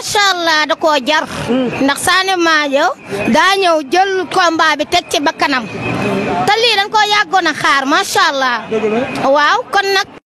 macha allah da koo jar. ndax Sané Madio daa ñëw jël combat bi teg ci bakkanam te lii dañ koo yàggoon a xaar macha allah. waaw kon nag.